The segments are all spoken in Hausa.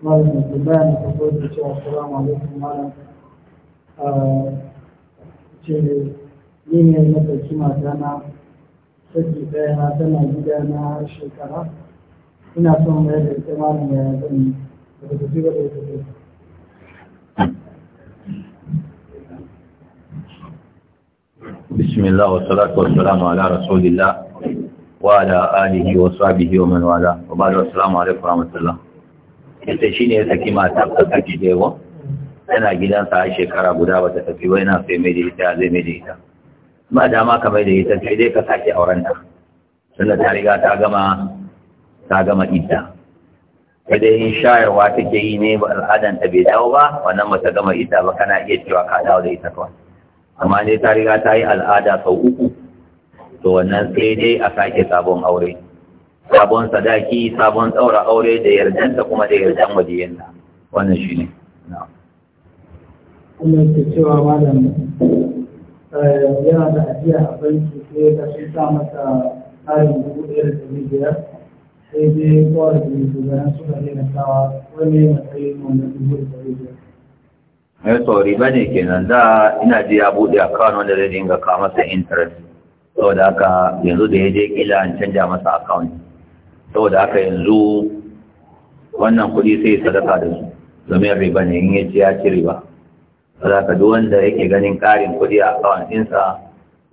malamin tambaya na farko da cewa assalamu alaikum malam ce ni ne na ɗauki mata na saki ɗaya tana gida na shekara ina son mai da ita malam ya zan yi daga tafi ga ɗauki ɗauki بسم الله والصلاة والسلام على رسول الله وعلى آله وصحبه ومن والاه وبعد السلام عليكم ورحمة الله ita shi ne ya saki mata ta saki jewa yana gidansa a shekara guda ba ta tafi wai na sai mai da ita zai mai da ita ba dama ka mai da ita sai dai ka sake aurenta tunda ta riga ta gama ta gama idda sai dai shayarwa take yi ne ba al'adan ta bai dawo ba wannan ba ta gama idda ba kana iya cewa ka dawo da ita kawai amma dai ta riga ta yi al'ada sau uku to wannan sai dai a sake sabon aure sabon sadaki sabon ɗaura aure da da kuma da yardan waliyanta wannan shi ne kuma ke cewa ma malam eh, yana da ajiya a banki sai ka shi sa masa tarin dubu ɗaya da ɗari biyar sai dai kawai da mai shugaban suka daina sawa wani matsayin wanda dubu da ɗari biyar mai eh, tsori ba ne kenan da ina ji ya buɗe akawun wanda zai dinga kawo masa intanet saboda haka yanzu da ya je kila an canja masa akawun saboda haka yanzu wannan kuɗi sai sadaka da su domin riba ne in yace ya ci riba saboda duk wanda yake ganin ƙarin kuɗi a akawun ɗinsa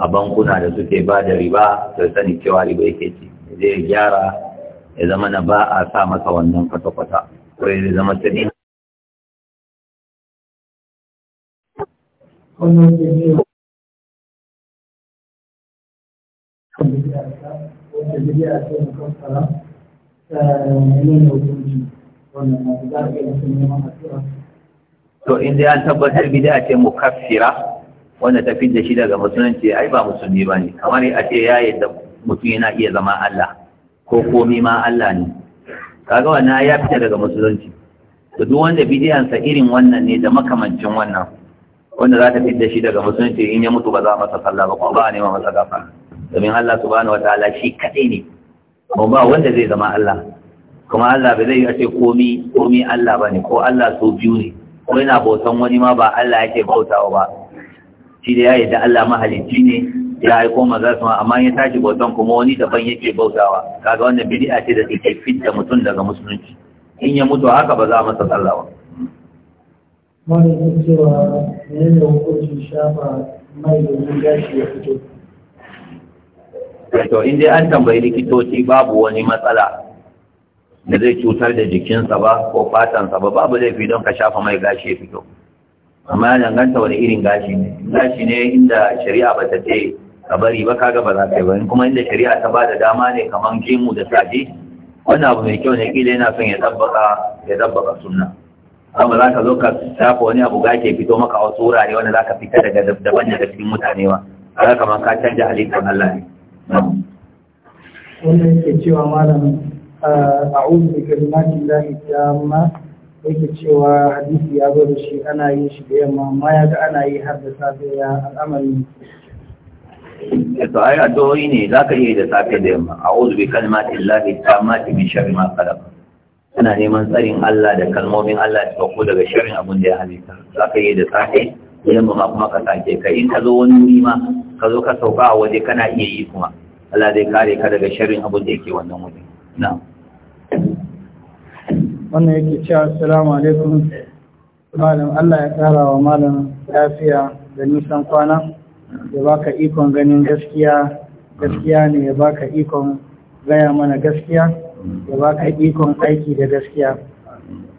a bankuna da suke ba da riba sai sani cewa riba yake ci zai gyara ya zama na ba a sa masa wannan kwata-kwata ko ya zama sani Thank you. to in dai an tabbatar bid'a ce mukaffira wanda ta fidda shi daga musulunci ai ba musulmi ba ne kamar a ce ya yadda mutum yana iya zama Allah ko komi ma Allah ne kaga wannan ya fita daga musulunci to duk wanda bidiyansa irin wannan ne da makamancin wannan wanda za ta da shi daga musulunci in ya mutu ba za a masa sallah ba kuma ba a nema masa gafara domin Allah subhanahu wataala shi kadai ne kuma ba wanda zai zama Allah kuma Allah ba zai yi a ce komi komi Allah ba ne ko Allah so biyu ne ko yana bautan wani ma ba Allah yake bautawa ba shi da ya yi da Allah mahalicci ne ya aiko maza su ma amma ya tashi bautan kuma wani daban yake bautawa kaga wannan bid'a ce da take fitta mutum daga musulunci in ya mutu haka ba za a masa sallah ba malamin cewa menene hukunci shafa mai domin gashi ya fito to in dai an tambayi likitoci babu wani matsala da zai cutar da jikinsa ba ko fatansa ba babu laifi don ka shafa mai gashi ya fito amma ya danganta wani irin gashi ne gashi ne inda shari'a ba ta ce ka bari ba ka gaba za ka yi ba kuma inda shari'a ta ba da dama ne kamar gemu da saje wannan abu mai kyau ne kila yana son ya tabbaka ya dabbaka sunna amma za ka zo ka shafa wani abu gashi ya fito maka wasu wurare wanda za ka fita daga daban daga cikin mutane ba kamar ka canja halittar Allah ne wanda yake cewa malam a'udhu bi kalimati llahi tamma yake cewa hadisi ya zo da shi ana yin shi da yamma amma ya ga ana yi har da safe ya al'amari eh, to ai addu'o'i ne za ka iya da safe da yamma a'udhu bi kalimati llahi tamma min sharri ma khalaq ana neman tsarin Allah da kalmomin Allah da ko daga sharrin abin da ya halitta za ka yi da safe idan ba kuma ka sake ka, in ka zo wani wuri ma ka zo ka sauka a waje kana iya yi kuma Allah zai kare ka daga sharrin abin da yake wannan wuri na wannan yake cewa assalamu alaikum malam Allah ya kara wa malam lafiya da nisan kwana ya baka ikon ganin gaskiya gaskiya ne ya baka ikon gaya mana gaskiya ya baka ikon aiki da gaskiya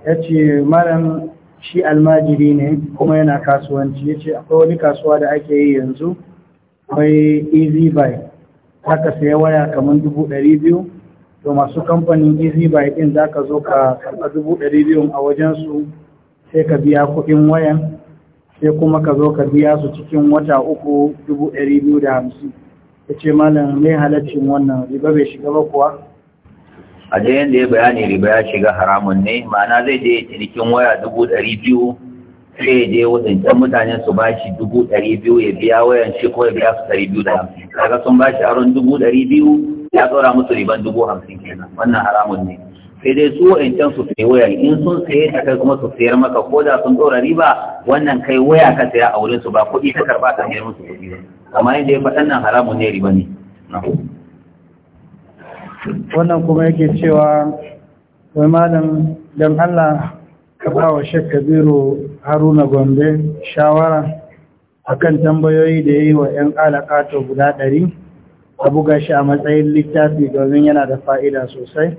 ya ce malam shi almajiri ne kuma yana kasuwanci ya ce akwai wani kasuwa da ake yi yanzu akwai easy buy haka saya waya kamar dubu ɗari biyu to masu kamfanin easy buy ɗin za ka zo ka karɓa dubu ɗari biyu a wajensu sai ka biya kuɗin wayan sai kuma ka zo ka biya su cikin wata uku dubu ɗari biyu da hamsin ya ce malam mai halaccin wannan riba bai shiga ba kuwa a da yadda ya bayani riba ya shiga haramun ne ma'ana zai je cinikin waya dubu ɗari biyu sai ya je wadancan mutanen su ba shi dubu ɗari biyu ya biya wayan shi ko ya biya su ɗari biyu da hamsin kaga sun ba shi aron dubu ɗari biyu ya tsora musu riban dubu hamsin kenan wannan haramun ne sai dai su wa'incan su sai waya in sun saye ta kai kuma su sayar maka ko da sun ɗora riba wannan kai waya ka saya a wurin su ba kuɗi ta karɓa ta mayar musu kuɗi ba amma yadda ya faɗan nan haramun ne riba ne. wannan kuma yake cewa wai malam don allah ka ba wa shek kabiru haruna gombe shawara akan tambayoyi da yayi yi wa 'yan alaƙato guda ɗari a buga shi a matsayin littafi domin yana da fa'ida sosai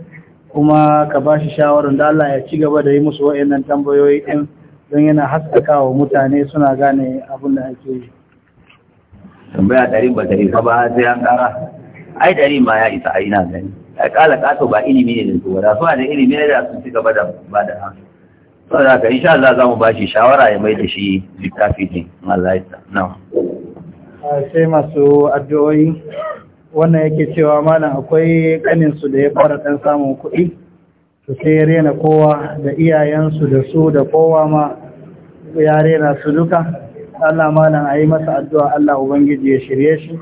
kuma ka ba shi shawarar da Allah ya ci gaba da yi musu wa'annan tambayoyi ɗin don yana haskaka wa mutane suna gane abin da ake yi. Tambaya ɗari ba ta isa ba sai an ƙara. ai ni ma ya isa ai na gani ai kala kato ba ilimi ne da zuwa da su da ilimi ne da sun ci gaba da ba da so da ka insha Allah za mu bashi shawara ya mai da shi littafi din Allah ya sa na sai masu addu'o'i wannan yake cewa malam akwai kanin su da ya fara dan samun kuɗi to sai ya rena kowa da iyayensu da su da kowa ma ya rena su duka Allah malam ayi masa addu'a Allah Ubangiji ya shirye shi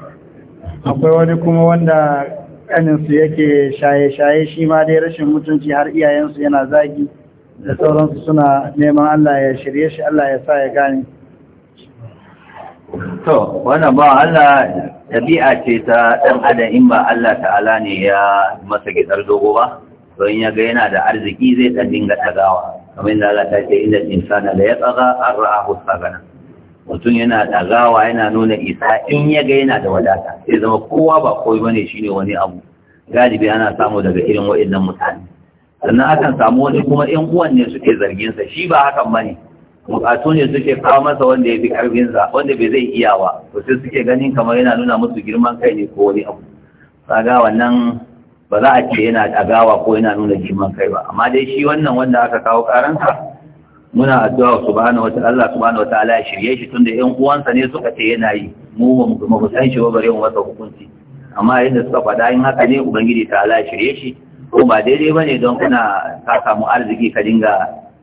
akwai wani kuma wanda ƙaninsu yake shaye-shaye shi ma dai rashin mutunci har iyayensu yana zagi da sauransu suna neman Allah ya shirye shi Allah ya sa ya gane to wannan ba Allah dabi'a ce ta ɗan adam in ba Allah ta'ala ne ya masa gidar dogo ba to in ya ga yana da arziki zai ɗan dinga tagawa kamar da Allah ta ce inda insana da ya tsaga an ra'ahu gana. mutum yana ɗagawa yana nuna isa in ya ga yana da wadata sai zama kowa ba koyi shi shine wani abu galibi ana samu daga irin wa'annan mutane sannan akan samu wani kuma yan uwan ne suke zarginsa shi ba hakan ba ne. bukatu ne suke kawo masa wanda ya fi karfinsa wanda bai zai iya ba to sai suke ganin kamar yana nuna musu girman kai ne ko wani abu saga wannan ba za a ce yana ɗagawa ko yana nuna girman kai ba amma dai shi wannan wanda aka kawo karanta. muna addu'a subhanahu wata'ala subhanahu wata'ala ya shirye shi tunda ɗan uwansa ne suka ce yana yi mu ba mu san shi ba bare mu masa hukunci amma yanda suka faɗa in haka ne ubangiji ta ala shirye shi ko ba daidai ba ne don kuna ka samu arziki ka dinga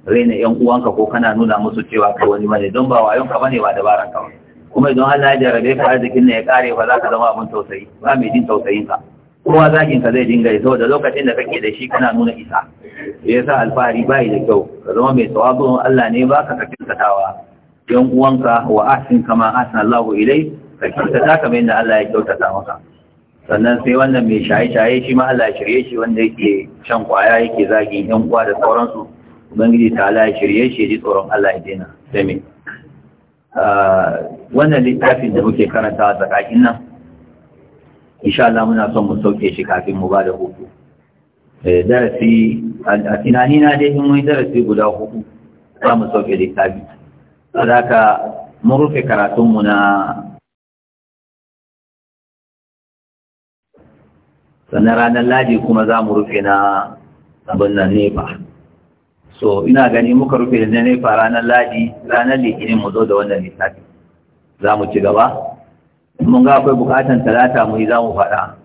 raina ɗan uwanka ko kana nuna musu cewa ka wani bane don ba wayon ka bane ba dabaran ka kuma idan Allah ya jarabe ka arzikin ne ya kare ba za ka zama abin tausayi ba mai jin tausayin ka kowa zakin ka zai dinga yi da lokacin da kake da shi kana nuna isa ya sa alfahari bayi da kyau ka zama mai tawazun Allah ne ba ka kakin katawa yan uwanka wa ahsin kama ahsan Allah ilai ka ta kamar yadda Allah ya kyautata maka sannan sai wannan mai shaye-shaye shi ma Allah ya shirye shi wanda yake shan kwaya yake zagi, yan uwa da sauransu ubangiji ta Allah ya shirye shi ji tsoron Allah ya daina me ah, wannan littafin da muke karanta a nan insha Allah muna son mu sauke shi kafin mu ba da hutu eh, darasi a tunani na dai in mun darasi guda hudu za mu sauke littafi saboda mun rufe karatun mu na sannan ranar ladi kuma za mu rufe na abin nan nefa so ina gani muka rufe da na nefa ranar ladi ranar litinin mu zo da wannan littafi za mu ci gaba mun ga akwai bukatan talata mu yi za mu faɗa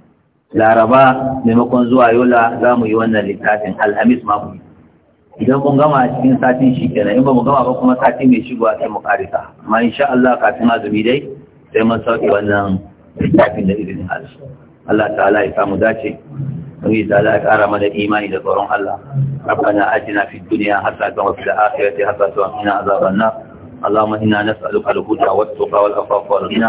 laraba maimakon zuwa yola za mu yi wannan littafin alhamis ma mu idan mun gama a cikin satin shi kenan in ba mu gama ba kuma satin mai shigowa sai mu karisa amma sha Allah kafin azumi dai sai mun sauke wannan littafin da izinin Allah Allah ta'ala ya samu dace Mun yi ya وهي تعالى أكرم الإيمان لقرون الله ربنا أتنا في الدنيا حسنة وفي الآخرة حسنة وقنا عذاب النار اللهم إنا نسألك الهدى والتقى والعفاف والغنى